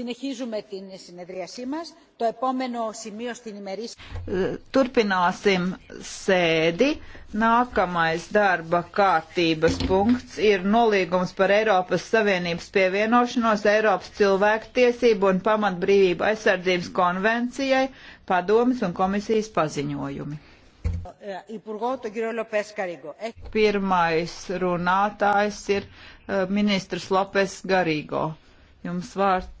Συνεχίζουμε την συνεδρίασή μας. Το επόμενο σημείο στην ημερήσια... Turpināsim sēdi. Nākamais darba kārtības punkts ir nolīgums par Eiropas Savienības pievienošanos Eiropas cilvēktiesību un pamatbrīvību aizsardzības konvencijai padomas un komisijas paziņojumi. Eh, Pirmais runātājs ir eh, ministrs Lopes Garīgo. Jums vārds.